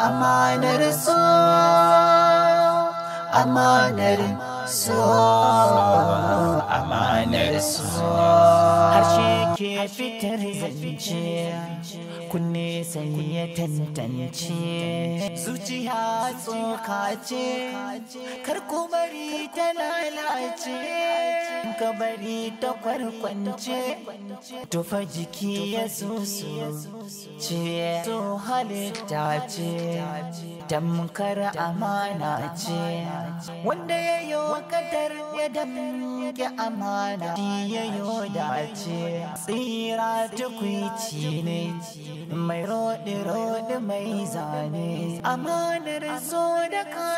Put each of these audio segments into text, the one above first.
Amanar so, amanar so, amanar so. Harshe ke fitar zance, kunne sai ya tantance. Zuciya tsoka ce, kar kumari ta lalace. ka bari ta kwarkwance tufa jiki ya susu ce to halitta ce tamkar amana ce wanda ya yi kadar ya damke amana ya yi dace tsira tukwici ne mai rodi rodi mai zane amanar zo da ka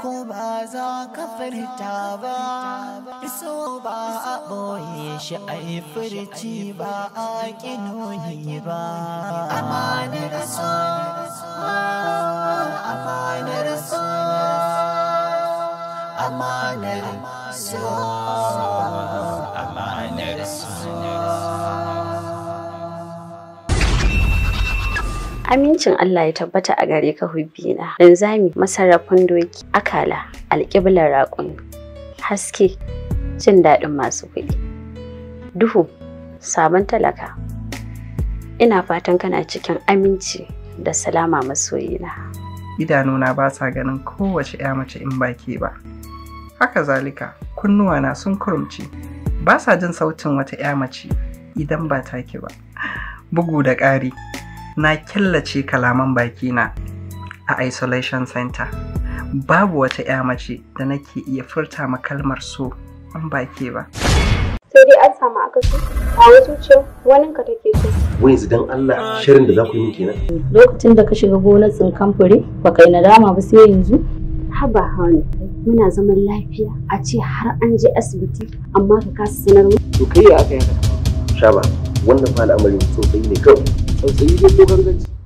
ko ba za ka furta ba iso ba a boye shi a yi furci ba a ƙinoni ba amanar so amanar so amanar so amanar su. amincin Allah ya tabbata a gare ka hubbina. Linzami masarrafin doki, akala, alƙiblar raƙon, haske, jin daɗin masu kuɗi. Duhu, sabon talaka. Ina fatan kana cikin aminci da salama masoyina. Idanuna ba sa ganin kowace ‘ya mace in baki ba. Haka zalika, kunnuwana sun kurumci, ba sa jin sautin wata ‘ya mace idan ba ta ki ba. Bugu da ƙari, na killace kalaman bakina a isolation center. Babu wata ‘ya mace da nake iya furta ma kalmar so An ba ba. sai dai an samu akasi a wasu ce wanin ka take so. Wai yanzu dan Allah shirin da za ku yi miki kenan. Lokacin da ka shiga gonar tsinkan fure ba kai nadama ba sai yanzu. Haba hawani muna zaman lafiya a ce har an je asibiti amma ka kasa sanar mu. To kai ya aka yi haka. Shaba wannan fa al'amari sosai ne kawai. Sosai ne ko ganganci.